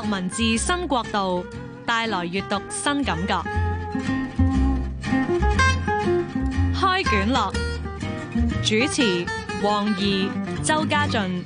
讀文字新角度，帶來閱讀新感覺。開卷樂，主持：黃怡、周家俊。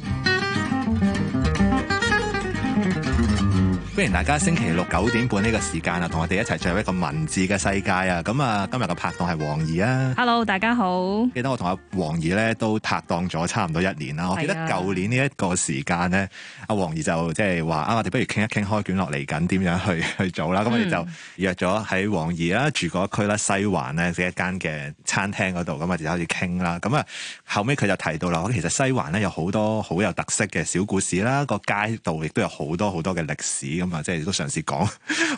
歡迎大家星期六九點半呢個時間啊，同我哋一齊進入一個文字嘅世界啊！咁、嗯、啊，今日嘅拍檔係黃怡啊。Hello，大家好。記得我同阿黃怡咧都拍檔咗差唔多一年啦。我記得舊年呢一個時間咧，阿黃怡就即係話啊，我哋不如傾一傾開卷落嚟緊點樣去去做啦。咁我哋就約咗喺黃怡啦，住嗰區啦，西環咧，嘅一間嘅餐廳嗰度，咁我哋就開始傾啦。咁、嗯、啊，後尾佢就提到啦，其實西環咧有好多好有特色嘅小故事啦，個街道亦都有好多好多嘅歷史。咁啊，即係都嘗試講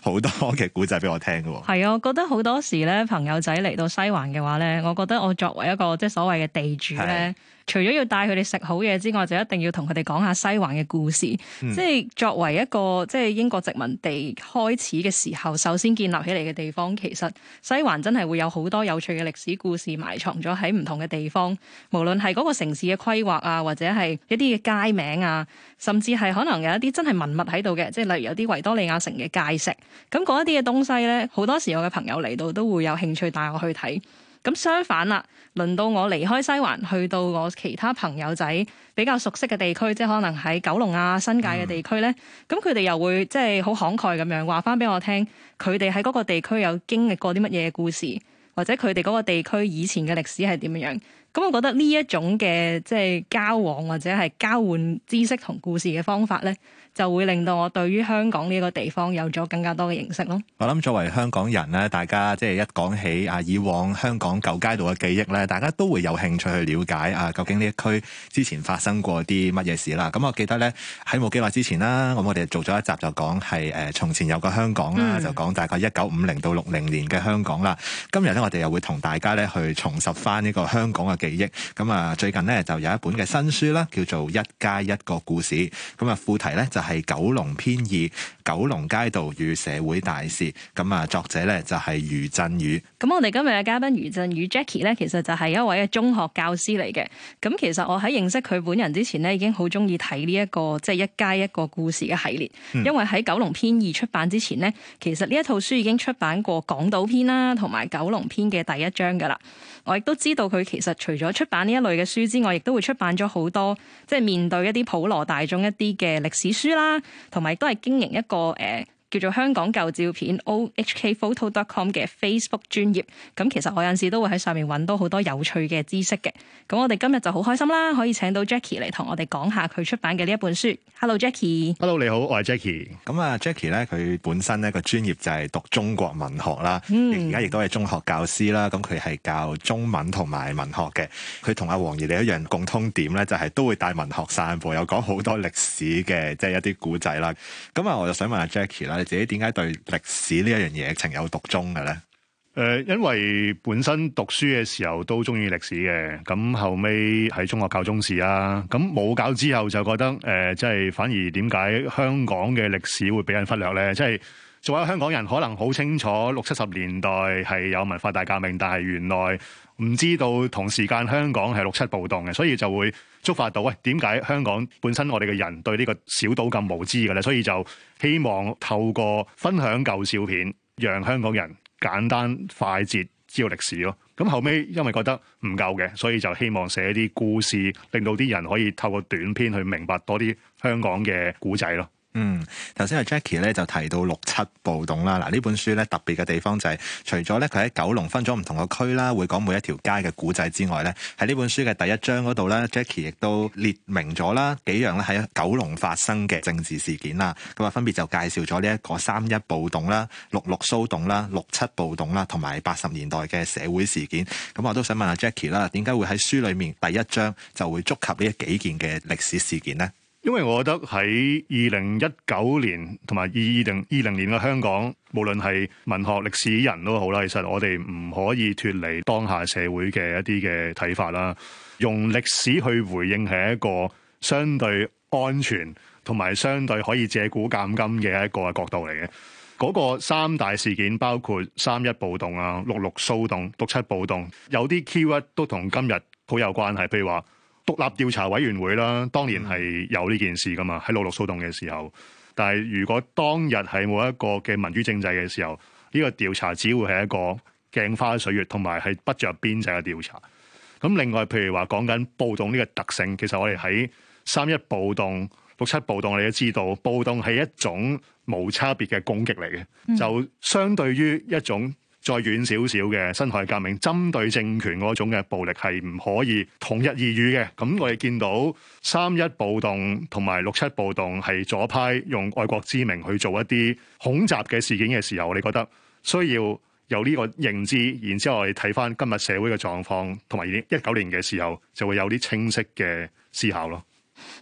好多嘅古仔俾我聽喎。係啊，我覺得好多時咧，朋友仔嚟到西環嘅話咧，我覺得我作為一個即係所謂嘅地主咧。除咗要帶佢哋食好嘢之外，就一定要同佢哋講下西環嘅故事。嗯、即係作為一個即係英國殖民地開始嘅時候，首先建立起嚟嘅地方，其實西環真係會有好多有趣嘅歷史故事埋藏咗喺唔同嘅地方。無論係嗰個城市嘅規劃啊，或者係一啲嘅街名啊，甚至係可能有一啲真係文物喺度嘅，即係例如有啲維多利亞城嘅界石。咁嗰一啲嘅東西咧，好多時候我嘅朋友嚟到都會有興趣帶我去睇。咁相反啦，輪到我離開西環，去到我其他朋友仔比較熟悉嘅地區，即係可能喺九龍啊、新界嘅地區咧，咁佢哋又會即係好慷慨咁樣話翻俾我聽，佢哋喺嗰個地區有經歷過啲乜嘢故事，或者佢哋嗰個地區以前嘅歷史係點樣。咁我覺得呢一種嘅即係交往或者係交換知識同故事嘅方法咧。就會令到我對於香港呢個地方有咗更加多嘅認識咯。我諗作為香港人呢，大家即係一講起啊以往香港舊街道嘅記憶呢，大家都會有興趣去了解啊究竟呢一區之前發生過啲乜嘢事啦。咁、啊、我記得呢，喺冇幾耐之前啦，咁我哋做咗一集就講係誒從前有個香港啦，嗯、就講大概一九五零到六零年嘅香港啦。今日呢，我哋又會同大家呢去重拾翻呢個香港嘅記憶。咁啊最近呢，就有一本嘅新書啦，叫做《壹街一個故事》。咁啊副題呢，就係係九龍篇二，九龍街道與社會大事。咁啊，作者咧，就係余震宇。咁我哋今日嘅嘉賓余震宇 Jackie 咧，其實就係一位嘅中學教師嚟嘅。咁其實我喺認識佢本人之前咧，已經好中意睇呢一個即係、就是、一街一個故事嘅系列。因為喺九龍篇二出版之前咧，其實呢一套書已經出版過港島篇啦，同埋九龍篇嘅第一章噶啦。我亦都知道佢其實除咗出版呢一類嘅書之外，亦都會出版咗好多即係、就是、面對一啲普羅大眾一啲嘅歷史書。啦，同埋都係經營一個誒，呃叫做香港舊照片 o h k photo dot com 嘅 Facebook 專頁，咁其實我有陣時都會喺上面揾到好多有趣嘅知識嘅。咁我哋今日就好開心啦，可以請到 Jackie 嚟同我哋講下佢出版嘅呢一本書。Hello，Jackie。Hello，你好，我係 Jackie。咁啊，Jackie 咧，佢本身呢個專業就係讀中國文學啦，而家亦都係中學教師啦。咁佢係教中文同埋文學嘅。佢同阿黃怡你一樣共通點咧，就係都會帶文學散步，有講好多歷史嘅，即係一啲古仔啦。咁啊，我就想問下 Jackie 啦。自己點解對歷史呢一樣嘢情有獨鍾嘅咧？誒，因為本身讀書嘅時候都中意歷史嘅，咁後尾喺中學教中史啦，咁冇教之後就覺得誒，即、呃、係反而點解香港嘅歷史會俾人忽略咧？即係作為香港人，可能好清楚六七十年代係有文化大革命，但係原來，唔知道同時間香港係六七暴動嘅，所以就會觸發到喂，點解香港本身我哋嘅人對呢個小島咁無知嘅咧？所以就希望透過分享舊照片，讓香港人簡單快捷知道歷史咯。咁後尾因為覺得唔夠嘅，所以就希望寫啲故事，令到啲人可以透過短篇去明白多啲香港嘅古仔咯。嗯，頭先阿 Jackie 咧就提到六七暴動啦，嗱呢本書咧特別嘅地方就係，除咗咧佢喺九龍分咗唔同個區啦，會講每一條街嘅古仔之外咧，喺呢本書嘅第一章嗰度咧，Jackie 亦都列明咗啦幾樣咧喺九龍發生嘅政治事件啦，咁啊分別就介紹咗呢一個三一暴動啦、六六騷動啦、六七暴動啦，同埋八十年代嘅社會事件，咁我都想問下 Jackie 啦，點解會喺書裡面第一章就會觸及呢幾件嘅歷史事件呢？因為我覺得喺二零一九年同埋二零二零年嘅香港，無論係文學、歷史人都好啦，其實我哋唔可以脱離當下社會嘅一啲嘅睇法啦。用歷史去回應係一個相對安全同埋相對可以借古鑑今嘅一個角度嚟嘅。嗰、那個三大事件包括三一暴動啊、六六騷動、六七暴動，有啲 key word 都同今日好有關係，譬如話。獨立調查委員會啦，當年係有呢件事㗎嘛，喺六六騷動嘅時候。但係如果當日係冇一個嘅民主政制嘅時候，呢個調查只會係一個鏡花水月，同埋係不著邊際嘅調查。咁另外，譬如話講緊暴動呢個特性，其實我哋喺三一暴動、六七暴動，我哋都知道暴動係一種無差別嘅攻擊嚟嘅，就相對於一種。再遠少少嘅辛亥革命，針對政權嗰種嘅暴力係唔可以同日而語嘅。咁我哋見到三一暴動同埋六七暴動係左派用愛國之名去做一啲恐襲嘅事件嘅時候，我哋覺得需要有呢個認知，然之後我哋睇翻今日社會嘅狀況同埋二零一九年嘅時候就會有啲清晰嘅思考咯。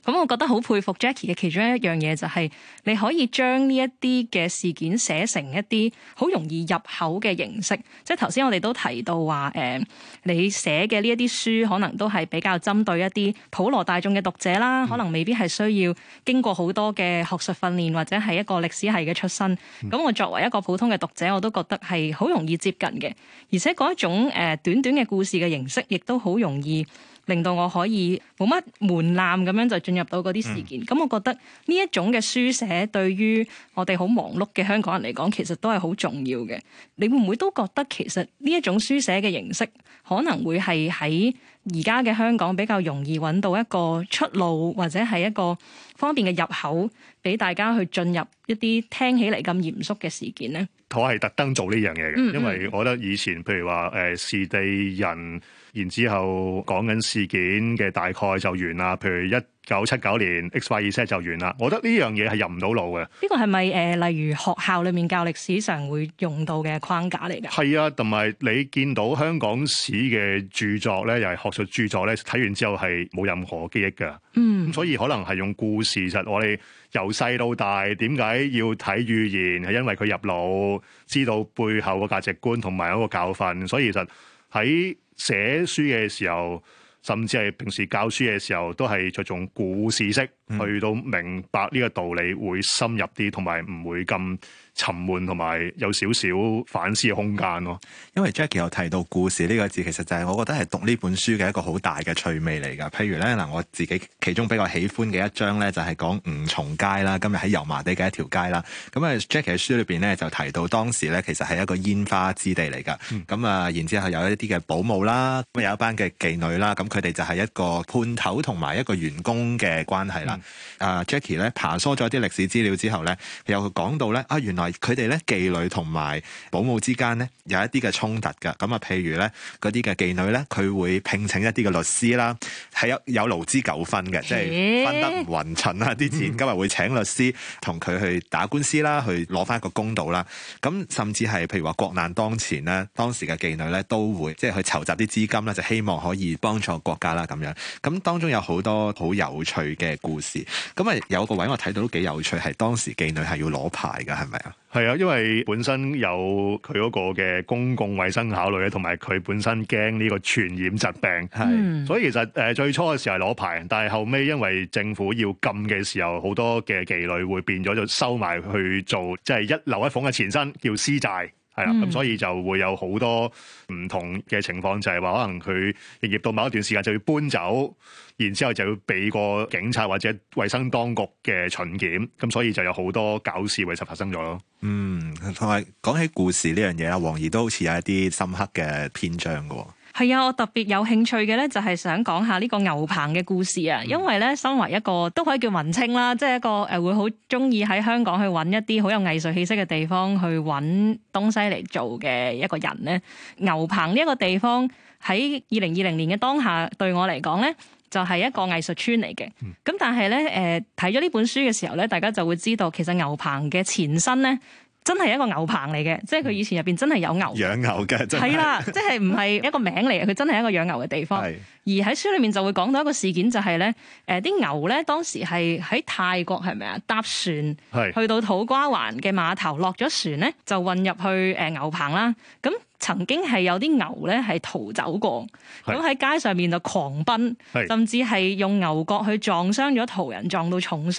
咁我覺得好佩服 Jackie 嘅其中一樣嘢就係、是、你可以將呢一啲嘅事件寫成一啲好容易入口嘅形式，即係頭先我哋都提到話，誒、呃，你寫嘅呢一啲書可能都係比較針對一啲普羅大眾嘅讀者啦，可能未必係需要經過好多嘅學術訓練或者係一個歷史系嘅出身。咁我作為一個普通嘅讀者，我都覺得係好容易接近嘅，而且嗰一種誒短短嘅故事嘅形式，亦都好容易。令到我可以冇乜門檻咁樣就進入到嗰啲事件，咁、嗯、我覺得呢一種嘅書寫對於我哋好忙碌嘅香港人嚟講，其實都係好重要嘅。你會唔會都覺得其實呢一種書寫嘅形式，可能會，係，喺而家嘅香港比較容易揾到一個出路，或者係一個方便嘅入口，俾大家去進入一啲聽起嚟咁嚴肅嘅事件咧？我係特登做呢樣嘢嘅，嗯嗯因為我覺得以前譬如話誒時、地、人。然之後講緊事件嘅大概就完啦，譬如一九七九年 X Y Z 就完啦。我覺得呢樣嘢係入唔到腦嘅。呢個係咪誒？例如學校裏面教歷史上會用到嘅框架嚟嘅？係啊，同埋你見到香港史嘅著作咧，又係學術著作咧，睇完之後係冇任何記憶嘅。嗯，嗯，所以可能係用故事，實、就是、我哋由細到大點解要睇寓言？係因為佢入腦，知道背後嘅價值觀同埋一個教訓。所以其實喺寫書嘅時候，甚至係平時教書嘅時候，都係着重故事式。去、嗯、到明白呢個道理會深入啲，同埋唔會咁沉悶，同埋有少少反思空間咯。因為 Jackie 有提到故事呢、呢個字，其實就係我覺得係讀呢本書嘅一個好大嘅趣味嚟噶。譬如咧嗱，我自己其中比較喜歡嘅一章咧，就係講吳松街啦，今日喺油麻地嘅一條街啦。咁啊，Jackie 嘅書裏邊咧就提到當時咧其實係一個煙花之地嚟噶。咁啊、嗯，然之後有一啲嘅保姆啦，咁有一班嘅妓女啦，咁佢哋就係一個判頭同埋一個員工嘅關係啦。嗯啊，Jackie 咧爬梳咗啲歷史資料之後咧，又講到咧啊，原來佢哋咧妓女同埋保姆之間咧有一啲嘅衝突噶。咁啊，譬如咧嗰啲嘅妓女咧，佢會聘請一啲嘅律師啦，係有有勞資糾紛嘅，即係分得唔勻稱啊啲錢今日會請律師同佢去打官司啦，去攞翻個公道啦。咁甚至係譬如話國難當前咧，當時嘅妓女咧都會即係去籌集啲資金啦，就希望可以幫助國家啦咁樣。咁當中有好多好有趣嘅故事。事。咁啊，有個位我睇到都幾有趣，係當時妓女係要攞牌噶，係咪啊？係啊，因為本身有佢嗰個嘅公共衛生考慮咧，同埋佢本身驚呢個傳染疾病，係。所以其實誒最初嘅時候係攞牌，但係後尾因為政府要禁嘅時候，好多嘅妓女會變咗就收埋去做，即係一樓一鳳嘅前身叫私寨。係啦，咁所以就會有好多唔同嘅情況，就係話可能佢營業到某一段時間就要搬走，然之後就要俾個警察或者衞生當局嘅巡檢，咁所以就有好多搞事為實發生咗咯。嗯，同埋講起故事呢樣嘢，黃儀都好似有一啲深刻嘅篇章嘅。係啊，我特別有興趣嘅咧，就係想講下呢個牛棚嘅故事啊。因為咧，身為一個都可以叫文青啦，即係一個誒會好中意喺香港去揾一啲好有藝術氣息嘅地方去揾東西嚟做嘅一個人咧。牛棚呢一個地方喺二零二零年嘅當下對我嚟講咧，就係一個藝術村嚟嘅。咁但係咧，誒睇咗呢本書嘅時候咧，大家就會知道其實牛棚嘅前身咧。真係一個牛棚嚟嘅，即係佢以前入邊真係有牛養牛嘅，係啦、 啊，即係唔係一個名嚟嘅，佢真係一個養牛嘅地方。是而喺書裏面就會講到一個事件，就是，就係咧，誒啲牛咧當時係喺泰國係咪啊？搭船是去到土瓜灣嘅碼頭，落咗船咧就運入去誒、呃、牛棚啦。咁曾經係有啲牛咧係逃走過，咁喺是街上面就狂奔，甚至係用牛角去撞傷咗途人，撞到重傷。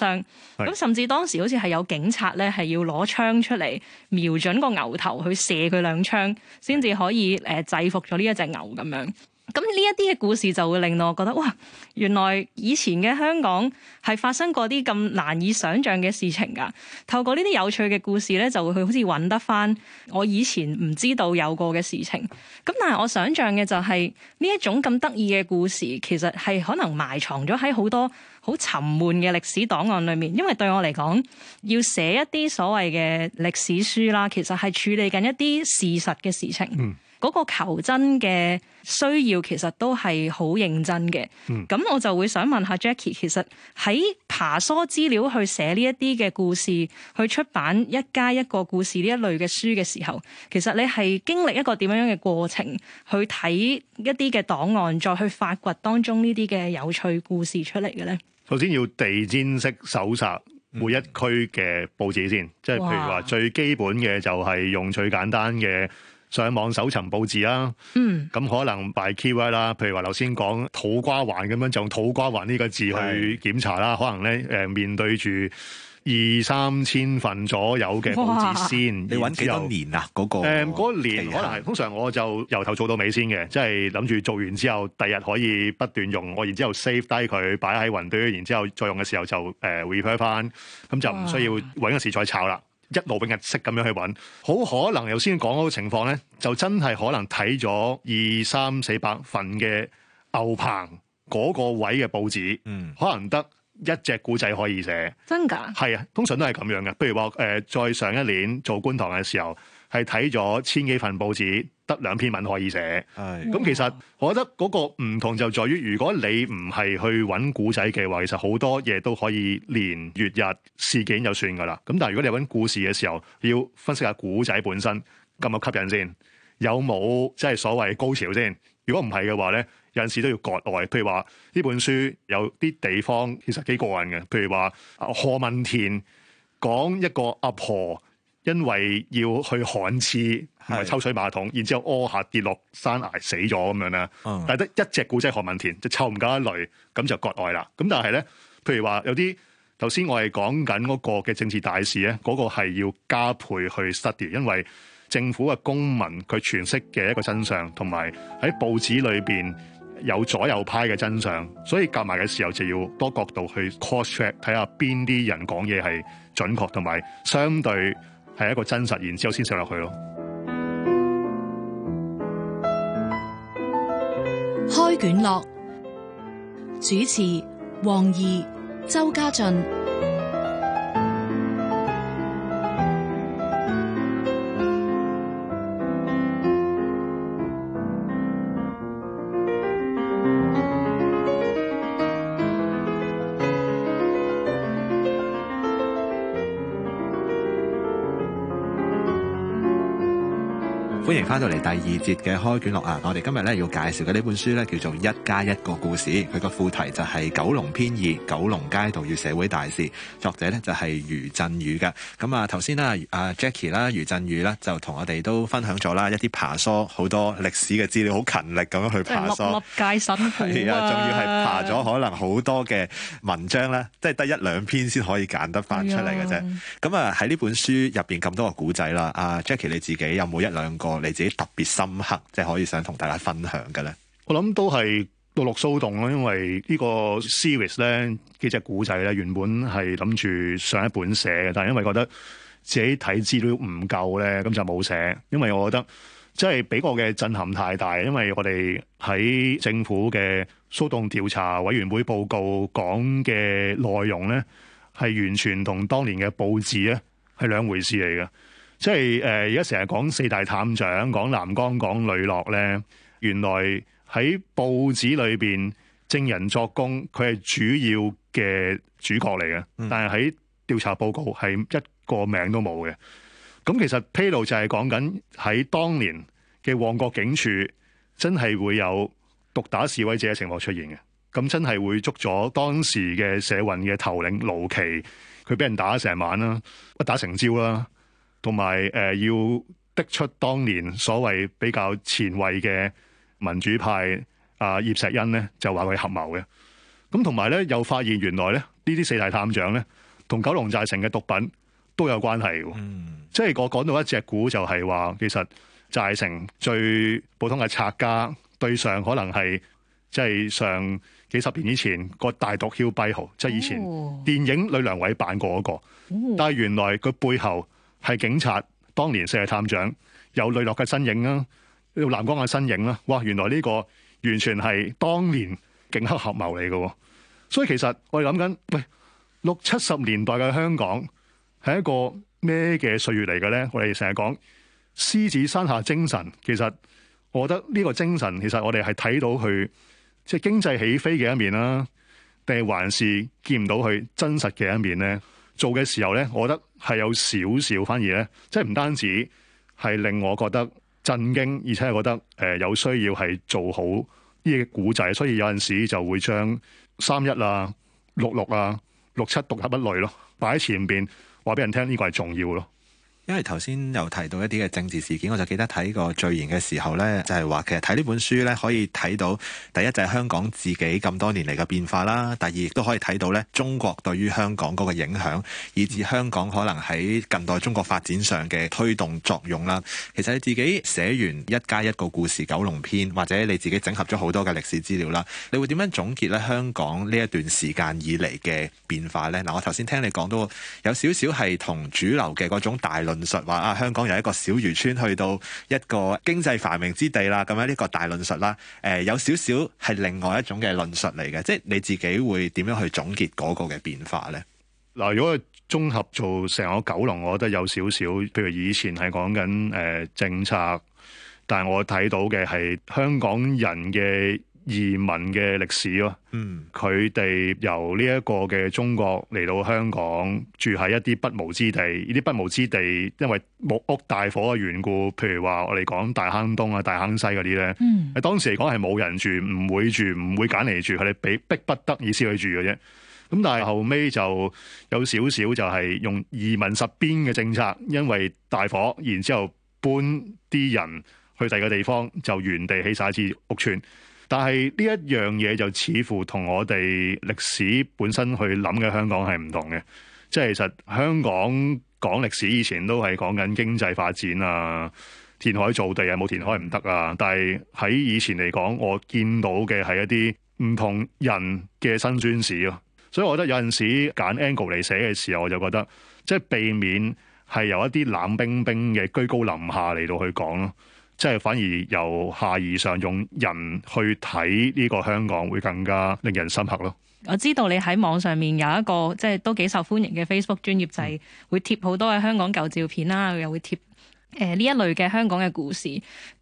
咁是甚至當時好似係有警察咧，係要攞槍出嚟瞄準個牛頭去射佢兩槍，先至可以誒制服咗呢一隻牛咁樣。咁呢一啲嘅故事就會令到我覺得哇，原來以前嘅香港係發生過啲咁難以想像嘅事情㗎。透過呢啲有趣嘅故事咧，就會去好似搵得返我以前唔知道有過嘅事情。咁但係我想像嘅就係呢一種咁得意嘅故事，其實係可能埋藏咗喺好多好沉悶嘅歷史檔案裏面。因為對我嚟講，要寫一啲所謂嘅歷史書啦，其實係處理緊一啲事實嘅事情。嗯。嗰個求真嘅需要其實都係好認真嘅，咁、嗯、我就會想問下 Jackie，其實喺爬梳資料去寫呢一啲嘅故事，去出版壹街一個故事呢一類嘅書嘅時候，其實你係經歷一個點樣嘅過程，去睇一啲嘅檔案，再去發掘當中呢啲嘅有趣故事出嚟嘅呢？首先，要地毯式搜索每一區嘅報紙先，嗯、即係譬如話最基本嘅就係用最簡單嘅。上網搜尋報紙啊，咁、嗯、可能 by keyword 啦，譬如話頭先講土瓜灣咁樣，就用土瓜灣呢個字去檢查啦。是可能咧誒面對住二三千份左右嘅報紙先，哇後你揾幾多年啊？嗰、那個誒嗰、嗯、年，年、啊、可能係通常我就由頭做到尾先嘅，即係諗住做完之後第日可以不斷用。我然之後 save 低佢擺喺雲端，然之後再用嘅時候就誒 repair 翻，咁就唔需要揾個時再炒啦。一路永日式咁樣去揾，好可能頭先講嗰個情況咧，就真係可能睇咗二三四百份嘅牛棚嗰個位嘅報紙，嗯，可能得一隻古仔可以寫，真噶的，係啊，通常都係咁樣噶。譬如話，誒、呃，再上一年做觀塘嘅時候。係睇咗千幾份報紙，得兩篇文可以寫。係咁唉，其實我覺得嗰個唔同就在於，如果你唔係去揾古仔嘅話，其實好多嘢都可以年月日事件就算噶啦。咁但係如果你揾故事嘅時候，要分析下古仔本身咁有吸引先，有冇即係所謂高潮先。如果唔係嘅話咧，有陣時都要割愛。譬如話呢本書有啲地方其實幾過癮嘅，譬如話何文田講一個阿婆，婆。因為要去旱廁唔係抽水馬桶，然之後屙下跌落山崖死咗咁樣啦。嗯、但係得一隻古仔何文田就湊唔夠一類，咁就割愛啦。咁但係呢，譬如話有啲頭先我哋講緊嗰個嘅政治大事咧，嗰、嗰個係要加倍去 study，因為政府嘅公民佢詮釋嘅一個真相，同埋喺報紙裏邊有左右派嘅真相，所以夾埋嘅時候就要多角度去 cross check 睇下邊啲人講嘢係準確同埋相對。係一個真實，然之後先上落去咯。開卷樂，主持黃怡、周家俊。歡迎翻到嚟第二節嘅開卷樂啊！我哋今日咧要介紹嘅呢本書咧叫做《壹街一個故事》，佢個副題就係、是《九龍篇二：九龍街道與社會大事》，作者呢就係余震宇嘅。咁啊，頭先啦，阿 Jackie 啦，余震宇呢就同我哋都分享咗啦一啲爬梳好多歷史嘅資料，好勤力咁樣去爬梳，係啊，仲、啊、要係爬咗可能好多嘅文章咧，即係得一兩篇先可以揀得翻出嚟嘅啫。咁啊，喺呢本書入邊咁多個古仔啦，阿、啊、Jackie 你自己有冇一兩個？你自己特別深刻，即係可以想同大家分享嘅咧，我諗都係陸落騷動啦。因為個呢個 series 咧幾隻古仔咧，原本係諗住上一本寫嘅，但係因為覺得自己睇資料唔夠咧，咁就冇寫。因為我覺得即係俾我嘅震撼太大，因為我哋喺政府嘅騷動調查委員會報告講嘅內容咧，係完全同當年嘅報紙咧係兩回事嚟嘅。即係誒，而家成日講四大探長、講藍剛、講呂樂咧，原來喺報紙裏邊證人作供，佢係主要嘅主角嚟嘅，但係喺調查報告係一個名都冇嘅。咁其實披露就係講緊喺當年嘅旺角警署，真係會有毒打示威者嘅情況出現嘅。咁真係會捉咗當時嘅社運嘅頭領盧麒，佢俾人打成晚啦，屈打成招啦。同埋，誒、呃、要逼出當年所謂比較前衞嘅民主派啊、呃，葉錫恩，呢就話佢合謀嘅。咁同埋呢，又發現原來咧呢啲四大探長呢，同九龍寨城嘅毒品都有關係嘅。嗯、即係我講到一隻股，就係話其實寨城最普通嘅拆家對上可能係即係上幾十年以前個大毒梟跛豪，哦、即係以前電影呂良偉扮過嗰、那個，嗯、但係原來佢背後。係警察當年，四大探長有呂樂嘅身影啦，有藍剛嘅身影啦。哇，原來呢個完全係當年警黑合謀嚟嘅，所以其實我哋諗緊，喂，六七十年代嘅香港係一個咩嘅歲月嚟嘅咧？我哋成日講獅子山下精神，其實我覺得呢個精神，其實我哋係睇到佢即係經濟起飛嘅一面啦，定係還是見唔到佢真實嘅一面咧？做嘅時候咧，我覺得。係有少少反而咧，即係唔單止係令我覺得震驚，而且係覺得誒、呃、有需要係做好呢啲古仔，所以有陣時就會將三一啊、六六啊、六七獨立一類咯，擺喺前邊話俾人聽，呢、呢個係重要咯。因為頭先又提到一啲嘅政治事件，我就記得睇個序言嘅時候呢，就係話其實睇呢本書呢，可以睇到第一就係香港自己咁多年嚟嘅變化啦，第二亦都可以睇到呢中國對於香港嗰個影響，以至香港可能喺近代中國發展上嘅推動作用啦。其實你自己寫完一加一個故事《九龍篇》，或者你自己整合咗好多嘅歷史資料啦，你會點樣總結呢香港呢一段時間以嚟嘅變化呢？嗱，我頭先聽你講到有少少係同主流嘅嗰種大陸。論述話啊，香港由一個小漁村去到一個經濟繁榮之地啦，咁樣呢個大論述啦，誒、呃、有少少係另外一種嘅論述嚟嘅，即係你自己會點樣去總結嗰個嘅變化呢？嗱，如果係綜合做成個九龍，我覺得有少少，譬如以前係講緊誒政策，但係我睇到嘅係香港人嘅。移民嘅歷史咯，佢哋、嗯、由呢一個嘅中國嚟到香港住喺一啲不毛之地。呢啲不毛之地，因為木屋大火嘅緣故，譬如話我哋講大坑東啊、大坑西嗰啲咧，喺、嗯、當時嚟講係冇人住，唔會住，唔會揀嚟住，佢哋俾逼不得已先去住嘅啫。咁但係後尾就有少少就係用移民實邊嘅政策，因為大火，然之後搬啲人去第二個地方，就原地起曬支屋邨。但係呢一樣嘢就似乎同我哋歷史本身去諗嘅香港係唔同嘅，即係其實香港講歷史以前都係講緊經濟發展啊、填海造地啊，冇填海唔得啊。但係喺以前嚟講，我見到嘅係一啲唔同人嘅身軀史咯，所以我覺得有陣時揀 angle 嚟寫嘅時候，我就覺得即係避免係由一啲冷冰冰嘅居高臨下嚟到去講咯、啊。即係反而由下而上用人去睇呢個香港，會更加令人深刻咯。我知道你喺網上面有一個即係都幾受歡迎嘅 Facebook 專業仔，就係、會貼好多嘅香港舊照片啦，又會貼誒呢、呃、一類嘅香港嘅故事。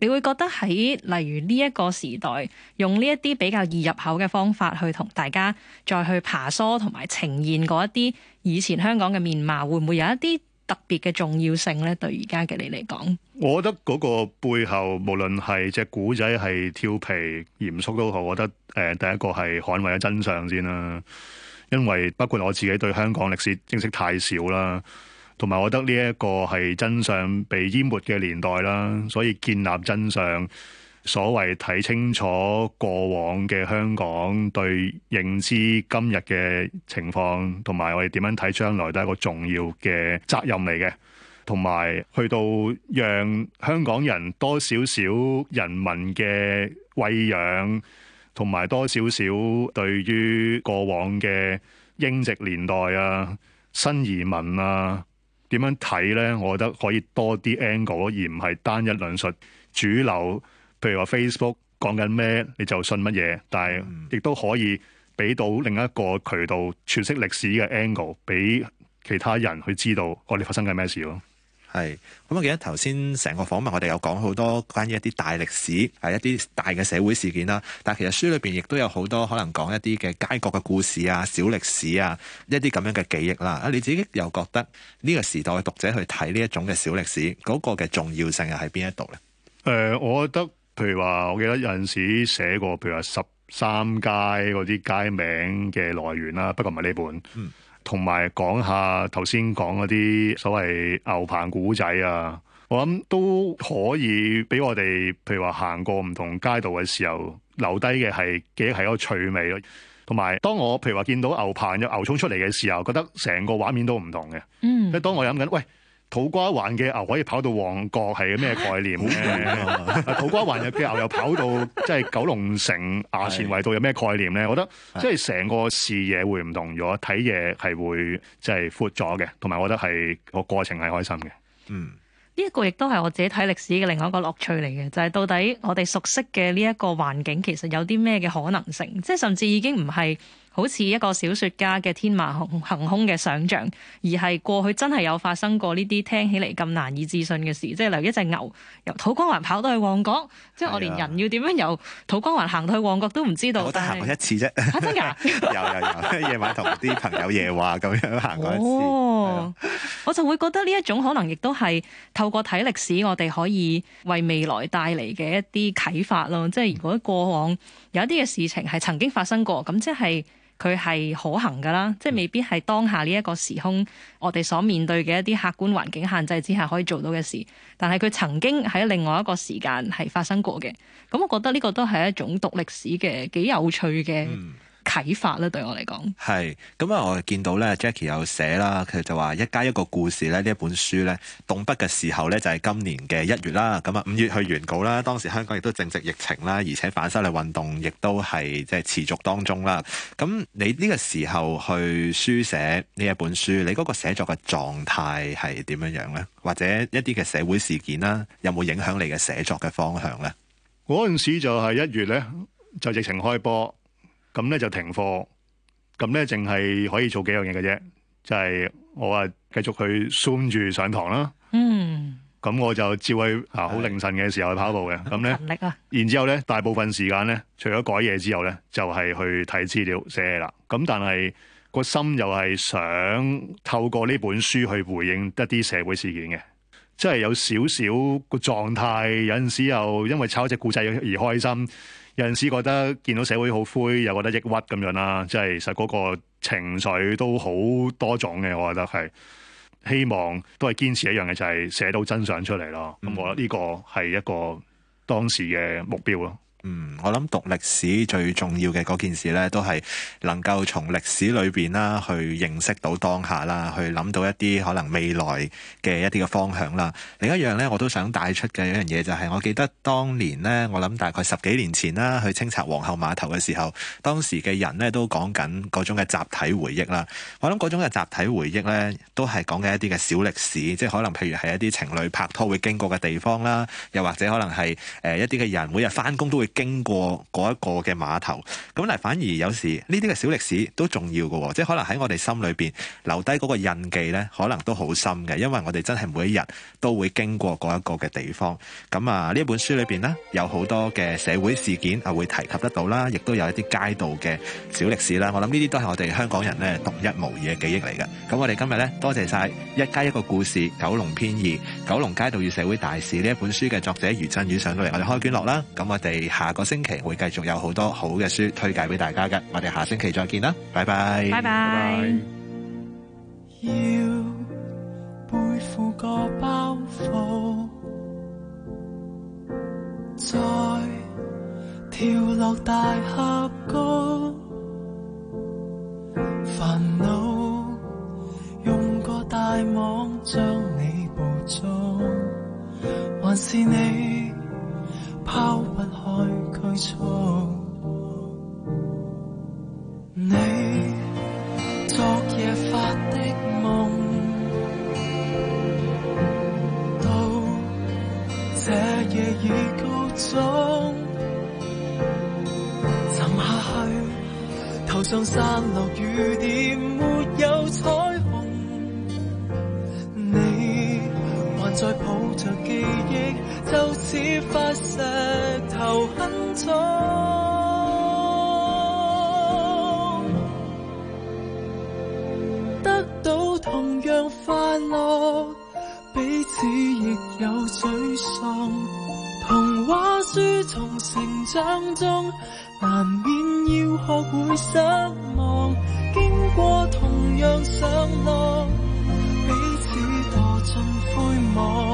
你會覺得喺例如呢一個時代，用呢一啲比較易入口嘅方法去同大家再去爬梳同埋呈現過一啲以前香港嘅面貌，會唔會有一啲？特別嘅重要性咧，對而家嘅你嚟講，我覺得嗰個背後，無論係隻古仔係跳皮嚴肅都好，我覺得誒、呃，第一個係捍衞咗真相先啦。因為包括我自己對香港歷史認識太少啦，同埋我覺得呢一個係真相被淹沒嘅年代啦，所以建立真相。所謂睇清楚過往嘅香港對認知今日嘅情況，同埋我哋點樣睇將來都係一個重要嘅責任嚟嘅，同埋去到讓香港人多少少人民嘅餵養，同埋多少少對於過往嘅英殖年代啊、新移民啊，點樣睇呢？我覺得可以多啲 angle，而唔係單一論述主流。譬如話 Facebook 講緊咩，你就信乜嘢？但係亦都可以俾到另一個渠道詮釋歷史嘅 angle，俾其他人去知道我哋發生緊咩事咯。係，咁我記得頭先成個訪問，我哋有講好多關於一啲大歷史，係一啲大嘅社會事件啦。但係其實書裏邊亦都有好多可能講一啲嘅街角嘅故事啊、小歷史啊、一啲咁樣嘅記憶啦。啊，你自己又覺得呢個時代嘅讀者去睇呢一種嘅小歷史嗰、那個嘅重要性係喺邊一度咧？誒、呃，我覺得。譬如話，我記得有陣時寫過，譬如話十三街嗰啲街名嘅來源啦，不過唔係呢本。嗯。同埋講下頭先講嗰啲所謂牛棚古仔啊，我諗都可以俾我哋，譬如話行過唔同街道嘅時候，留低嘅係記憶係一個趣味咯。同埋，當我譬如話見到牛棚有牛衝出嚟嘅時候，覺得成個畫面都唔同嘅。嗯。即係當我諗緊，喂。土瓜灣嘅牛可以跑到旺角係咩概念？ 土瓜灣嘅牛又跑到即係、就是、九龍城衙前圍道有咩概念咧？的我覺得即係成個視野會唔同咗，睇嘢係會即係闊咗嘅，同、就、埋、是、我覺得係個過程係開心嘅。嗯，呢一個亦都係我自己睇歷史嘅另外一個樂趣嚟嘅，就係、是、到底我哋熟悉嘅呢一個環境其實有啲咩嘅可能性？即係甚至已經唔係，好似一個小說家嘅天馬行空嘅想像，而係過去真係有發生過呢啲聽起嚟咁難以置信嘅事，即係例如一隻牛由土瓜灣跑到去旺角，的即係我連人要點樣由土瓜灣行到去旺角都唔知道。我得行過一次啫，嚇是、啊、真㗎？ 有有有，夜 晚同啲朋友夜話咁樣行過一次。Oh, 的我就會覺得呢一種可能亦都係透過睇歷史，我哋可以為未來帶嚟嘅一啲啟發咯。即係如果過往有一啲嘅事情係曾經發生過，咁即係。佢係可行㗎啦，即係未必係當下呢一個時空我哋所面對嘅一啲客觀環境限制之下可以做到嘅事，但係佢曾經喺另外一個時間係發生過嘅。咁我覺得呢個都係一種讀歷史嘅幾有趣嘅。嗯啟發咧，對我嚟講係咁啊！我見到咧，Jackie 有寫啦，佢就話壹街一個故事咧，呢一本書咧，動筆嘅時候咧就係今年嘅一月啦。咁啊，五月去完稿啦，當時香港亦都正值疫情啦，而且反修例運動亦都係即係持續當中啦。咁你呢個時候去書寫呢一本書，你嗰個寫作嘅狀態係點樣樣呢？或者一啲嘅社會事件啦，有冇影響你嘅寫作嘅方向呢？嗰陣時就係一月咧，就疫情開波。咁咧就停課，咁咧淨係可以做幾樣嘢嘅啫，就係、是、我啊繼續去 Zoom 住上堂啦。嗯，咁我就照去、嗯、啊，好凌晨嘅時候去跑步嘅。咁咧，力啊、然之後咧，大部分時間咧，除咗改嘢之後咧，就係、是、去睇資料寫啦。咁但係個心又係想透過呢本書去回應一啲社會事件嘅，即係有少少個狀態，有陣時又因為炒隻故仔而開心。有陣時覺得見到社會好灰，又覺得抑鬱咁樣啦，即係其實嗰個情緒都好多種嘅。我覺得係希望都係堅持一樣嘅，就係、是、寫到真相出嚟咯。咁、嗯、我覺得呢個係一個當時嘅目標咯。嗯，我諗讀歷史最重要嘅嗰件事呢，都係能夠從歷史裏邊啦，去認識到當下啦，去諗到一啲可能未來嘅一啲嘅方向啦。另一樣呢，我都想帶出嘅一樣嘢就係、是，我記得當年呢，我諗大概十幾年前啦，去清拆皇后碼頭嘅時候，當時嘅人呢都講緊嗰種嘅集體回憶啦。我諗嗰種嘅集體回憶呢，都係講緊一啲嘅小歷史，即係可能譬如係一啲情侶拍拖會經過嘅地方啦，又或者可能係誒、呃、一啲嘅人每日翻工都會。經過嗰一個嘅碼頭，咁嗱，反而有時呢啲嘅小歷史都重要嘅，即係可能喺我哋心裏邊留低嗰個印記咧，可能都好深嘅，因為我哋真係每一日都會經過嗰一個嘅地方。咁啊，呢一本書裏邊咧，有好多嘅社會事件啊，會提及得到啦，亦都有一啲街道嘅小歷史啦。我諗呢啲都係我哋香港人咧獨一無二嘅記憶嚟嘅。咁我哋今日咧，多謝晒《壹街一個故事》《九龍篇二：九龍街道與社會大事》呢一本書嘅作者余震宇上到嚟，我哋開卷落啦。咁我哋。下個星期會繼續有好多好嘅書推介俾大家嘅，我哋下星期再見啦，拜拜，拜拜。要背負個包袱，再跳落大峽谷，煩惱用個大網將你捕捉，還是你拋不？你昨夜發的夢，到這夜已告終。沉下去，頭上散落雨點，沒有彩虹。你還在抱着記憶，就此發誓。得到同樣快樂，彼此亦有沮喪。童話書從成長中，難免要學會失望。經過同樣上落，彼此墮進灰網。